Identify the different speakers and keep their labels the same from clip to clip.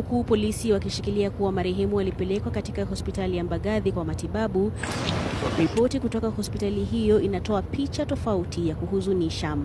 Speaker 1: huku polisi wakishikilia kuwa marehemu alipelekwa katika hospitali ya Mbagathi kwa matibabu. Ripoti kutoka hospitali hiyo inatoa picha tofauti ya kuhuzunisha.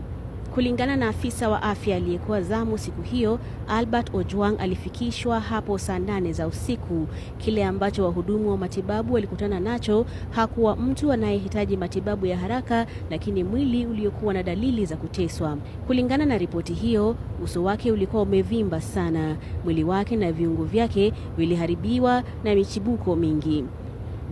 Speaker 1: Kulingana na afisa wa afya aliyekuwa zamu siku hiyo, Albert Ojwang alifikishwa hapo saa nane za usiku. Kile ambacho wahudumu wa matibabu walikutana nacho hakuwa mtu anayehitaji matibabu ya haraka, lakini mwili uliokuwa na dalili za kuteswa. Kulingana na ripoti hiyo, uso wake ulikuwa umevimba sana, mwili wake na viungo vyake viliharibiwa na michibuko mingi.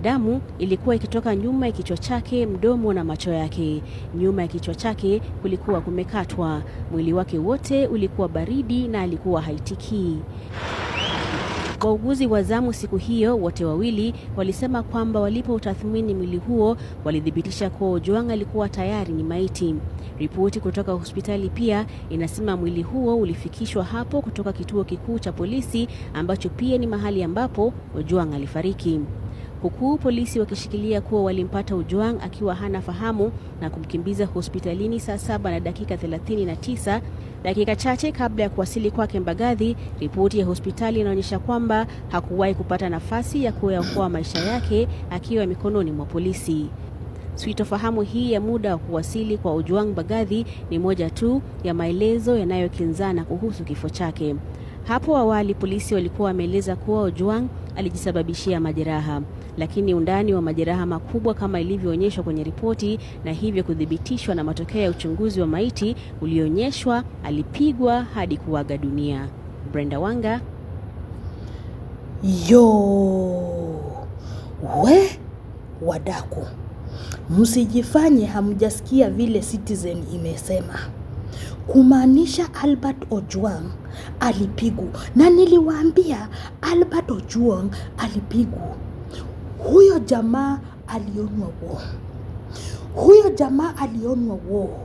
Speaker 1: Damu ilikuwa ikitoka nyuma ya kichwa chake, mdomo na macho yake. Nyuma ya kichwa chake kulikuwa kumekatwa. Mwili wake wote ulikuwa baridi na alikuwa haitikii. Wauguzi wa zamu siku hiyo wote wawili walisema kwamba walipoutathmini mwili huo walithibitisha kuwa Ojwang alikuwa tayari ni maiti. Ripoti kutoka hospitali pia inasema mwili huo ulifikishwa hapo kutoka kituo kikuu cha polisi ambacho pia ni mahali ambapo Ojwang alifariki huku polisi wakishikilia kuwa walimpata Ojwang akiwa hana fahamu na kumkimbiza hospitalini saa saba na dakika 39 dakika chache kabla ya kuwasili kwake Mbagathi. Ripoti ya hospitali inaonyesha kwamba hakuwahi kupata nafasi ya kuyaokoa maisha yake akiwa mikononi mwa polisi. Sitofahamu hii ya muda wa kuwasili kwa Ojwang Mbagathi ni moja tu ya maelezo yanayokinzana kuhusu kifo chake. Hapo awali polisi walikuwa wameeleza kuwa Ojwang alijisababishia majeraha lakini undani wa majeraha makubwa kama ilivyoonyeshwa kwenye ripoti na hivyo kuthibitishwa na matokeo ya uchunguzi wa maiti ulioonyeshwa alipigwa hadi kuaga dunia. Brenda Wanga.
Speaker 2: Yo we wadaku, msijifanye hamjasikia vile Citizen imesema kumaanisha Albert Ojwang alipigwa, na niliwaambia Albert Ojwang alipigwa. Huyo jamaa alionwa uovu, huyo jamaa alionwa uovu.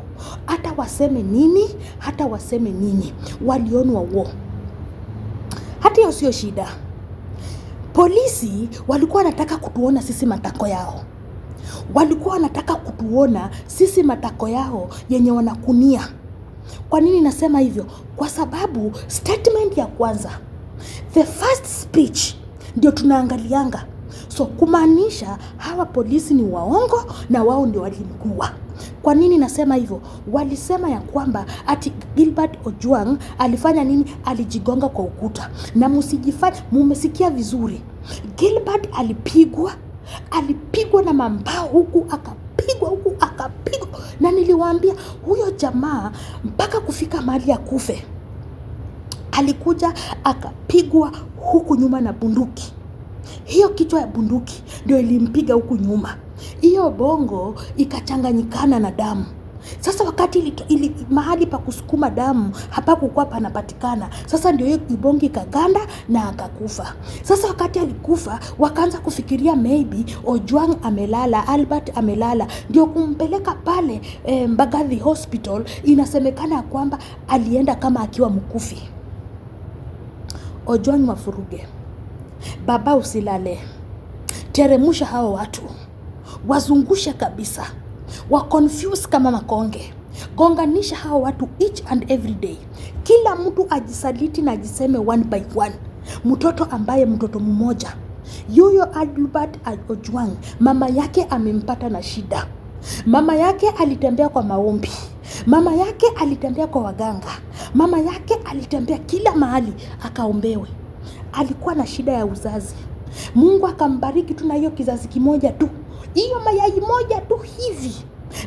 Speaker 2: Hata waseme nini, hata waseme nini, walionwa uovu. Hata hiyo sio shida. Polisi walikuwa wanataka kutuona sisi matako yao, walikuwa wanataka kutuona sisi matako yao yenye wanakunia. Kwa nini nasema hivyo? Kwa sababu statement ya kwanza, the first speech, ndio tunaangalianga So kumaanisha hawa polisi ni waongo na wao ndio walimgua. Kwa nini nasema hivyo? Walisema ya kwamba ati Gilbert Ojwang alifanya nini? Alijigonga kwa ukuta, na msijifanye mumesikia vizuri. Gilbert alipigwa, alipigwa na mambao huku akapigwa huku akapigwa, na niliwaambia huyo jamaa mpaka kufika mahali ya kufe alikuja akapigwa huku nyuma na bunduki. Hiyo kichwa ya bunduki ndio ilimpiga huku nyuma, hiyo bongo ikachanganyikana na damu. Sasa wakati ili, ili, mahali pa kusukuma damu hapakukuwa panapatikana. Sasa ndio hiyo ibongi kaganda na akakufa. Sasa wakati alikufa, wakaanza kufikiria maybe Ojwang amelala, Albert amelala, ndio kumpeleka pale eh, Mbagathi Hospital. Inasemekana ya kwamba alienda kama akiwa mkufi. Ojwang mafuruge Baba, usilale, teremusha hao watu, wazungushe kabisa, wa confuse kama makonge. Gonganisha hao watu each and every day, kila mtu ajisaliti na ajiseme one by one. Mtoto ambaye mtoto mmoja yuyo Albert Ojwang mama yake amempata na shida. Mama yake alitembea kwa maombi, mama yake alitembea kwa waganga, mama yake alitembea kila mahali akaombewe alikuwa na shida ya uzazi. Mungu akambariki tu na hiyo kizazi kimoja tu, hiyo mayai moja tu hivi,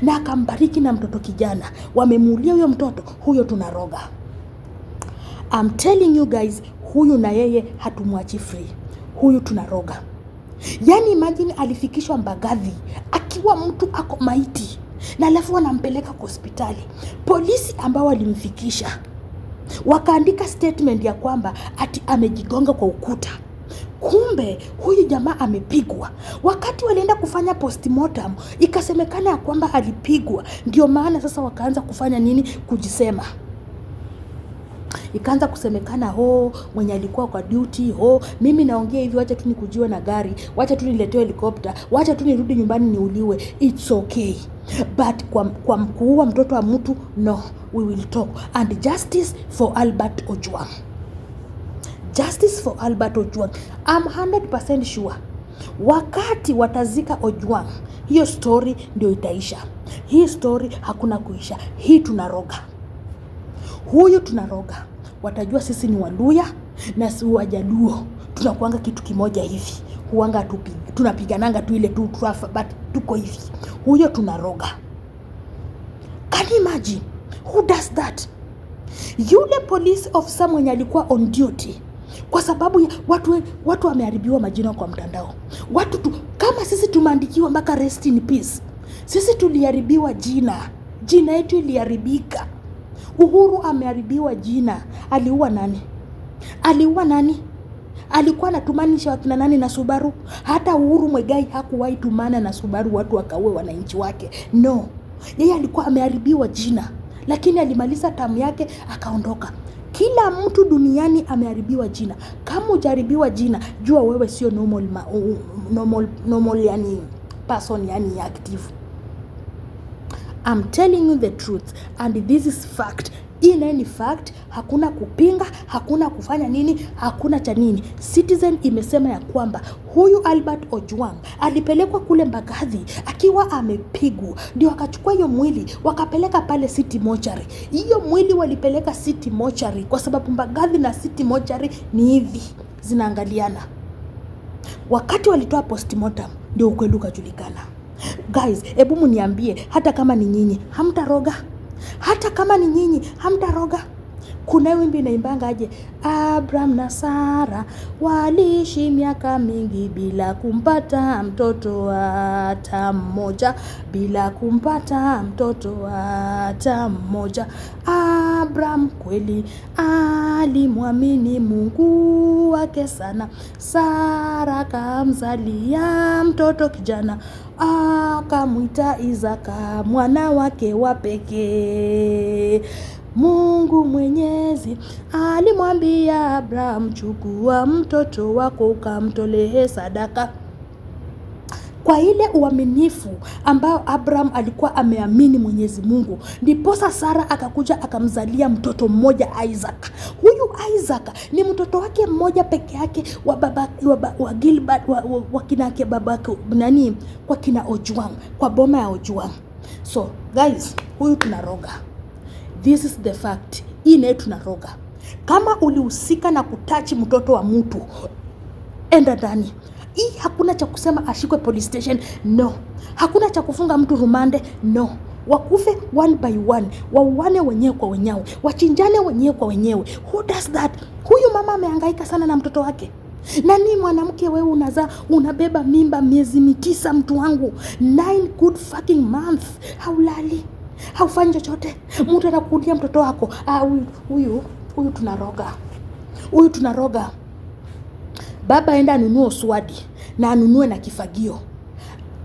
Speaker 2: na akambariki na mtoto kijana. Wamemuulia huyo mtoto, huyo tunaroga. I'm telling you guys, huyu na yeye hatumwachi free, huyu tunaroga. Yaani imagine alifikishwa Mbagathi akiwa mtu ako maiti, na alafu wanampeleka kwa hospitali. Polisi ambao walimfikisha wakaandika statement ya kwamba ati amejigonga kwa ukuta. Kumbe huyu jamaa amepigwa. Wakati walienda kufanya postmortem, ikasemekana ya kwamba alipigwa, ndio maana sasa wakaanza kufanya nini, kujisema Ikaanza kusemekana ho oh, mwenye alikuwa kwa duty ho, oh, mimi naongea hivi, wacha tu nikujiwe na gari, wacha tu niletewe helikopta, wacha tu nirudi nyumbani niuliwe. It's okay but kwa, kwa wa mtoto wa mtu no, we will talk and justice for Albert Ojwang, justice for Albert Ojwang. I'm 100% sure wakati watazika Ojwang hiyo story ndio itaisha. Hii story hakuna kuisha, hii tunaroga huyu tunaroga, watajua sisi ni Waluya na si Wajaluo, tunakuanga kitu kimoja hivi, huanga tunapigananga tu ile tu trafa, but tuko hivi, huyo tunaroga. Can you imagine who does that? Yule police officer mwenye alikuwa on duty kwa sababu ya watu watu wameharibiwa majina kwa mtandao. Watu tu, kama sisi tumeandikiwa mpaka rest in peace, sisi tuliharibiwa jina, jina yetu iliharibika. Uhuru ameharibiwa jina. Aliua nani? Aliua nani? Alikuwa anatumanisha wakina nani na Subaru? Hata Uhuru Mwegai hakuwahi tumana na Subaru watu wakaue wananchi wake. No, yeye alikuwa ameharibiwa jina, lakini alimaliza tamu yake akaondoka. Kila mtu duniani ameharibiwa jina. Kama hujaharibiwa jina, jua wewe sio normal, normal, normal yani person yani active. I'm telling you the truth and this is fact. Hii naye ni fact, hakuna kupinga, hakuna kufanya nini, hakuna cha nini. Citizen imesema ya kwamba huyu Albert Ojwang alipelekwa kule Mbagathi akiwa amepigwa, ndio akachukua hiyo mwili wakapeleka pale City Mortuary. Hiyo mwili walipeleka City Mortuary kwa sababu Mbagathi na City Mortuary ni hivi zinaangaliana. Wakati walitoa postmortem ndio ukweli ukajulikana. Guys, hebu mniambie, hata kama ni nyinyi hamtaroga, hata kama ni nyinyi hamtaroga. Kuna wimbi naimbangaje aje, Abraham na Sara waliishi miaka mingi bila kumpata mtoto hata mmoja, bila kumpata mtoto hata mmoja. Abraham kweli alimwamini Mungu wake sana, Sara kamzalia mtoto kijana akamwita Isaka mwana wake wa pekee. Mungu Mwenyezi alimwambia Abraham, chukua mtoto wako ukamtolehe sadaka kwa ile uaminifu ambao Abraham alikuwa ameamini Mwenyezi Mungu, ndiposa Sara akakuja akamzalia mtoto mmoja Isaac. Huyu Isaac ni mtoto wake mmoja peke yake wa baba wa, wa Gilbert wa, wa, wa kina yake babake nani kwa kina Ojuang, kwa boma ya Ojuang. So guys, huyu tunaroga. This is the fact. Hii naye tunaroga. Kama ulihusika na kutachi mtoto wa mtu, enda ndani. Hii hakuna cha kusema ashikwe police station, no. Hakuna cha kufunga mtu rumande, no. Wakufe one by one, wauane wenyewe kwa wenyewe, wachinjane wenyewe kwa wenyewe. Who does that? Huyu mama amehangaika sana na mtoto wake. Nani mwanamke wewe unazaa unabeba mimba miezi mitisa, mtu wangu, nine good fucking months, haulali haufanyi chochote, mtu anakulia mtoto wako. Ah, huyu huyu huyu tunaroga, huyu tunaroga baba enda anunue uswadi na anunue na kifagio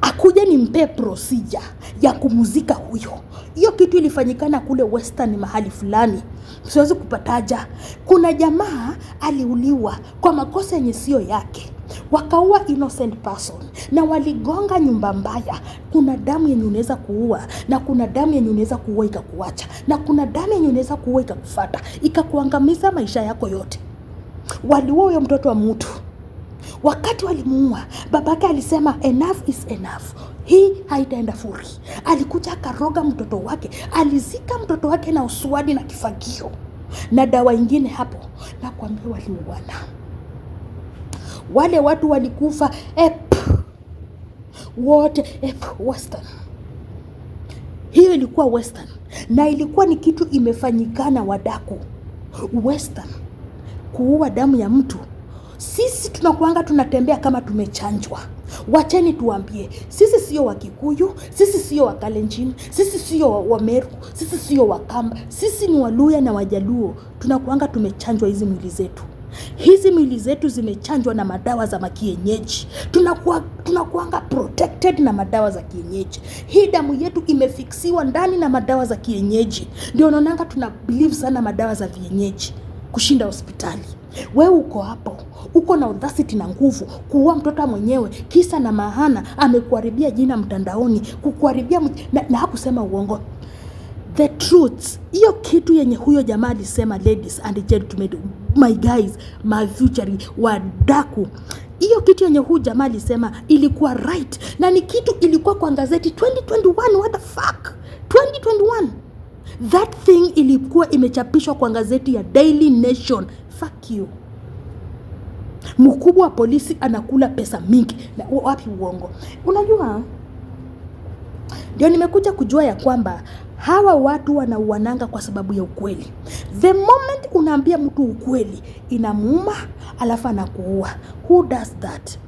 Speaker 2: akuja nimpee procedure ya kumuzika huyo. Hiyo kitu ilifanyikana kule Western mahali fulani, siwezi kupataja. Kuna jamaa aliuliwa kwa makosa yenye sio yake, wakaua innocent person na waligonga nyumba mbaya. Kuna damu yenye unaweza kuua na kuna damu yenye unaweza kuua ikakuacha na kuna damu yenye unaweza kuua ikakufata ikakuangamiza maisha yako yote. Waliua huyo mtoto wa mtu Wakati walimuua babake alisema enough is enough, hii haitaenda furi. Alikuja akaroga mtoto wake, alizika mtoto wake na uswadi na kifagio na dawa ingine hapo. Nakwambia waliuana, wale watu walikufa ep wote ep, Western. Hiyo ilikuwa Western na ilikuwa ni kitu imefanyikana wadaku Western, kuua damu ya mtu sisi tunakuanga tunatembea kama tumechanjwa. Wacheni tuambie, sisi sio Wakikuyu, sisi sio Kalenjin, sisi sio Meru, sisi sio Wakamba, sisi ni Waluya na Wajaluo. Tunakuanga tumechanjwa hizi mwili zetu hizi mwili zetu zimechanjwa na madawa za makienyeji. Tunakuwa, tunakuanga protected na madawa za kienyeji. Hii damu yetu imefiksiwa ndani na madawa za kienyeji, ndio naonanga tuna believe sana madawa za vienyeji kushinda hospitali. Wewe uko hapo, uko na audacity na nguvu kuua mtoto mwenyewe, kisa na maana amekuharibia jina mtandaoni, kukuharibia na, na hakusema uongo the truth. Hiyo kitu yenye huyo jamaa alisema, ladies and gentlemen, my guys, my future wadaku hiyo kitu yenye huu jamaa alisema ilikuwa right, na ni kitu ilikuwa kwa gazeti 2021. What the fuck 2021, that thing ilikuwa imechapishwa kwa gazeti ya Daily Nation fuck you. Mkubwa wa polisi anakula pesa mingi. Na wapi uongo? Unajua, ndio nimekuja kujua ya kwamba hawa watu wanauananga kwa sababu ya ukweli. The moment unaambia mtu ukweli inamuuma, alafu anakuua. Who does that?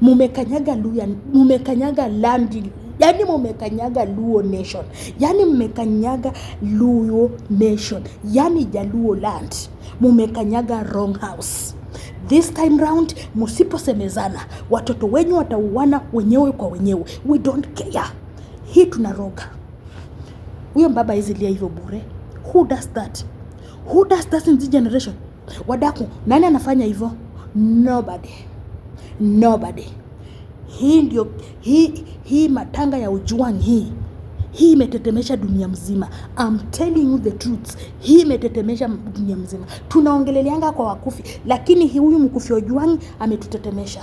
Speaker 2: Mumekanyaga luya, mumekanyaga landi yani mumekanyaga Luo Nation, yani mmekanyaga Luo Nation, yani Jaluo land mumekanyaga wrong house. This time round musiposemezana, watoto wenyu watauana wenyewe kwa wenyewe. We don't care. Hii tunaroga huyo mbaba izilia hivyo bure. Who does that? Who does that in this generation? Wadaku, nani anafanya hivyo? Nobody, nobody. Hii ndio hii, hii matanga ya Ojwang hii hii imetetemesha dunia mzima. I'm telling you the truth, hii imetetemesha dunia mzima. Tunaongeleleanga kwa wakufi, lakini huyu mkufi Ojwang ametutetemesha,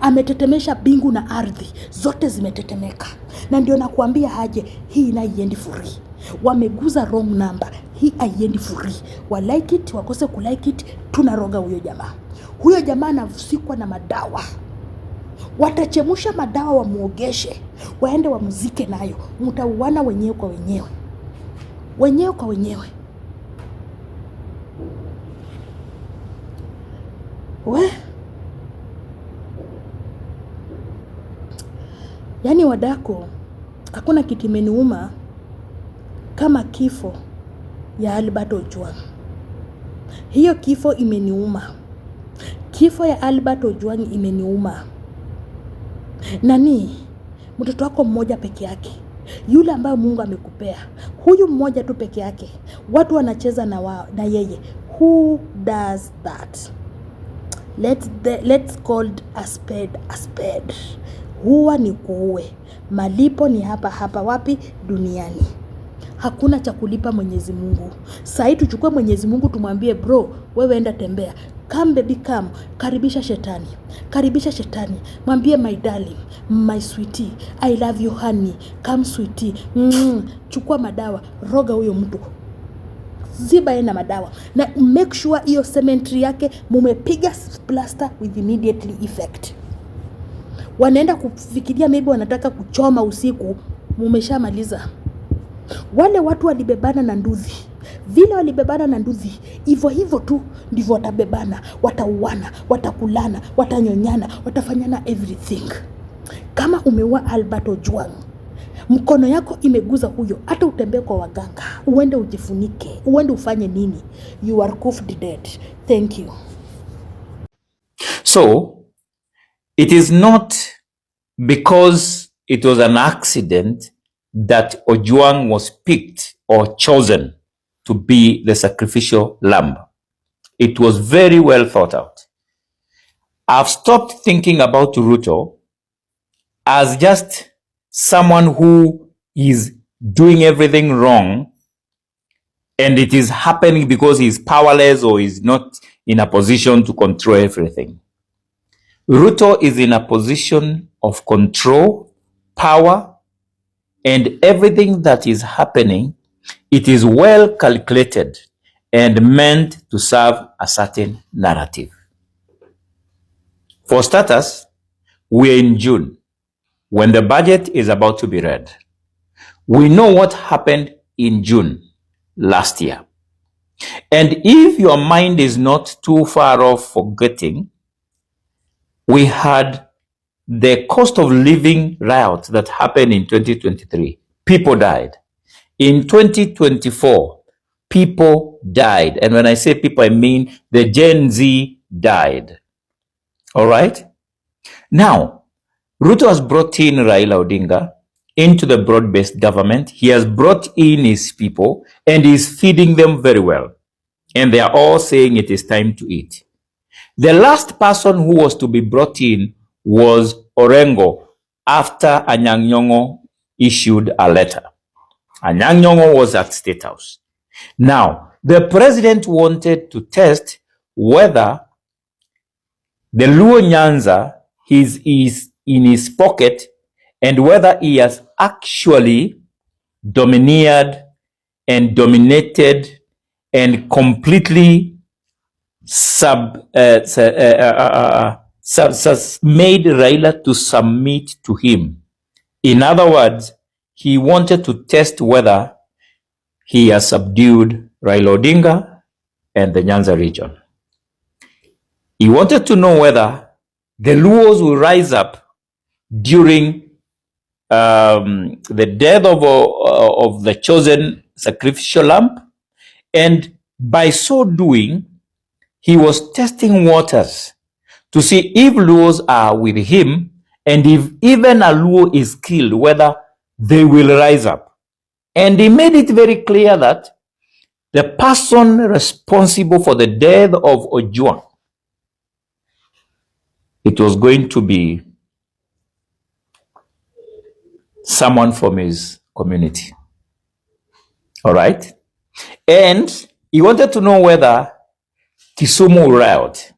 Speaker 2: ametetemesha bingu na ardhi zote zimetetemeka, na ndio nakuambia haje hii inaiendi free. Wameguza wrong number, hii haiendi free. Wa like it wakose like it, tunaroga huyo jamaa. Huyo jamaa anasikwa na madawa. Watachemusha madawa wamwogeshe, waende wamzike nayo, mtauana wenyewe kwa wenyewe, wenyewe kwa wenyewe. We yaani, wadako, hakuna kitu imeniuma kama kifo ya Albert Ojwang. Hiyo kifo imeniuma, kifo ya Albert Ojwang imeniuma nani mtoto wako mmoja peke yake yule ambayo Mungu amekupea, huyu mmoja tu peke yake, watu wanacheza na, wa, na yeye. Who does that? Let the, let's call a spade a spade. Huwa ni kuue, malipo ni hapa hapa. Wapi? Duniani. Hakuna cha kulipa Mwenyezi Mungu. Sahii tuchukue Mwenyezi Mungu tumwambie, bro, wewe enda tembea. Come baby come, karibisha shetani, karibisha shetani, mwambie my darling, my sweetie, I love you honey, come sweetie. Mm, chukua madawa, roga huyo mtu ziba na madawa na make sure hiyo cemetery yake mumepiga plaster with immediately effect. Wanaenda kufikiria maybe wanataka kuchoma usiku, mumeshamaliza. Wale watu walibebana na nduzi vile walibebana na nduzi, hivyo hivyo tu ndivyo watabebana, watauana, watakulana, watanyonyana, watafanyana everything. Kama umeua Albert Ojwang, mkono yako imeguza huyo, hata utembee kwa waganga, uende ujifunike, uende ufanye nini, you are cuffed dead. Thank you.
Speaker 3: So it is not because it was an accident that Ojwang was picked or chosen to be the sacrificial lamb. It was very well thought out. I've stopped thinking about Ruto as just someone who is doing everything wrong and it is happening because he's powerless or is not in a position to control everything. Ruto is in a position of control, power, and everything that is happening it is well calculated and meant to serve a certain narrative. For starters, we're in June when the budget is about to be read. We know what happened in June last year. And if your mind is not too far off forgetting, we had the cost of living riot that happened in 2023. People died. In 2024, people died. And when I say people, I mean the Gen Z died. All right? Now, Ruto has brought in Raila Odinga into the broad based government. He has brought in his people and is feeding them very well. And they are all saying it is time to eat. The last person who was to be brought in was Orengo after Anyang Nyong'o issued a letter. Anyang Nyong'o was at State House. Now, the president wanted to test whether the Luo Nyanza is, is in his pocket and whether he has actually domineered and dominated and completely sub, uh, uh, uh, uh, made Raila to submit to him. In other words, he wanted to test whether he has subdued Raila Odinga and the Nyanza region. He wanted to know whether the Luos will rise up during um, the death of, uh, of the chosen sacrificial lamb. And by so doing, he was testing waters to see if Luos are with him and if even a Luo is killed, whether they will rise up. And he made it very clear that the person responsible for the death of Ojuang, it was going to be someone from his community. All right? And he wanted to know whether Kisumu will riot.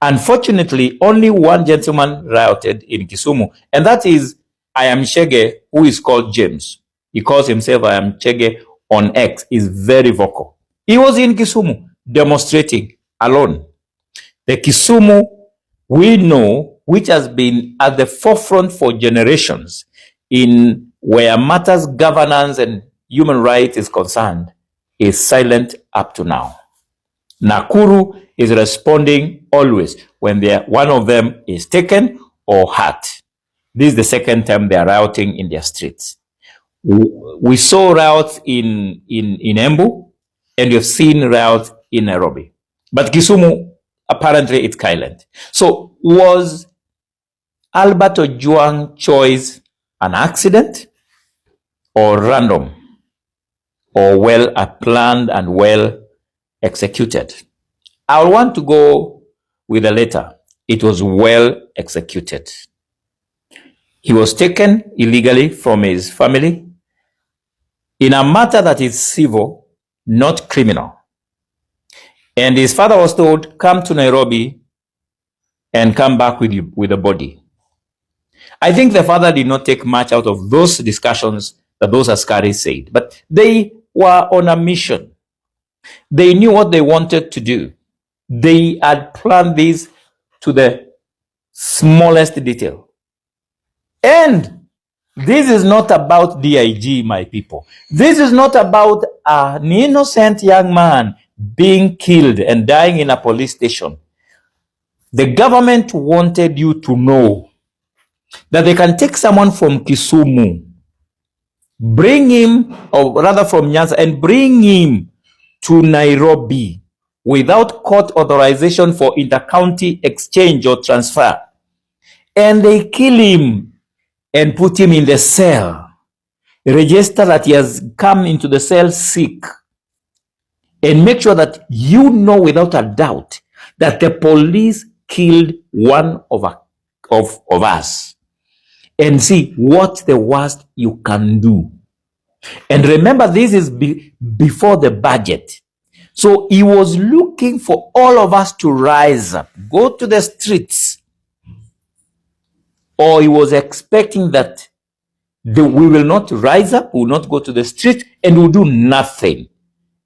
Speaker 3: Unfortunately, only one gentleman rioted in Kisumu, and that is I am Chege, who is called James. He calls himself I am Chege on X. He's very vocal. He was in Kisumu demonstrating alone. The Kisumu we know, which has been at the forefront for generations in where matters governance and human rights is concerned, is silent up to now. Nakuru is responding always when one of them is taken or hurt. This is the second time they are rioting in their streets. We saw riots in, in, in Embu and we've seen riots in Nairobi. But Kisumu, apparently it's silent. So was Albert Ojwang choice an accident or random or well planned and well executed? I want to go with the latter. It was well executed. He was taken illegally from his family in a matter that is civil, not criminal. And his father was told, come to Nairobi and come back with you, with the body. I think the father did not take much out of those discussions that those Askaris said, but they were on a mission. They knew what they wanted to do. They had planned this to the smallest detail. And this is not about DIG, my people. This is not about an innocent young man being killed and dying in a police station. The government wanted you to know that they can take someone from Kisumu, bring him, or rather from Nyanza, and bring him to Nairobi without court authorization for intercounty exchange or transfer. And they kill him and put him in the cell. Register that he has come into the cell sick. And make sure that you know without a doubt that the police killed one of, a, of, of us. And see what's the worst you can do. And remember, this is be, before the budget. So he was looking for all of us to rise up, go to the streets, or he was expecting that the, we will not rise up, we will not go to the street, and will do nothing.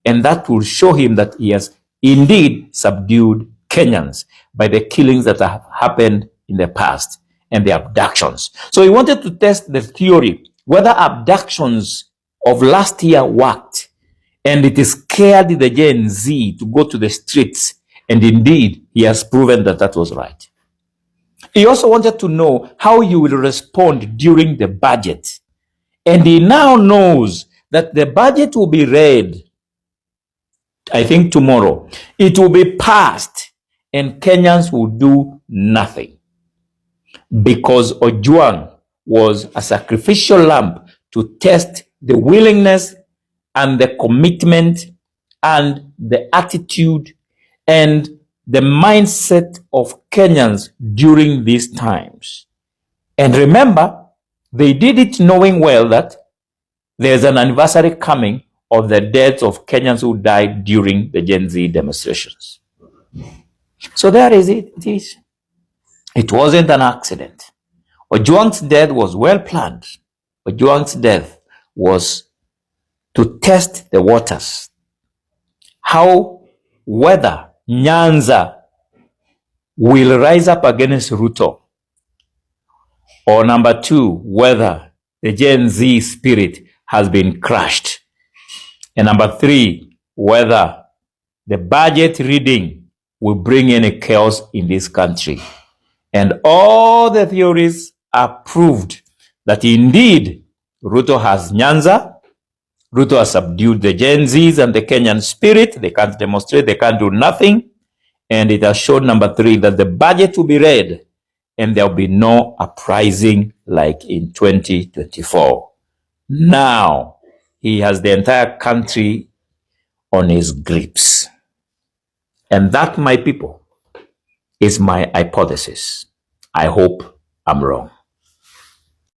Speaker 3: And that will show him that he has indeed subdued Kenyans by the killings that have happened in the past and the abductions. So he wanted to test the theory whether abductions of last year worked and it scared the Gen Z to go to the streets. And indeed, he has proven that that was right. He also wanted to know how you will respond during the budget. And he now knows that the budget will be read, I think tomorrow. It will be passed, and Kenyans will do nothing. Because Ojuang was a sacrificial lamb to test the willingness and the commitment and the attitude and the mindset of Kenyans during these times. And remember, they did it knowing well that there's an anniversary coming of the deaths of Kenyans who died during the Gen Z demonstrations. So there is it. It, is. it wasn't an accident. Ojuang's death was well planned. Ojuang's death was to test the waters. How, whether Nyanza will rise up against Ruto. Or number two, whether the Gen Z spirit has been crushed. And number three, whether the budget reading will bring any chaos in this country. And all the theories are proved that indeed Ruto has Nyanza Ruto has subdued the Gen Zs and the Kenyan spirit. They can't demonstrate, they can't do nothing. And it has shown, number three, that the budget will be read and there'll be no uprising like in 2024. Now, he has the entire country on his grips. And that, my people, is my hypothesis. I hope I'm wrong.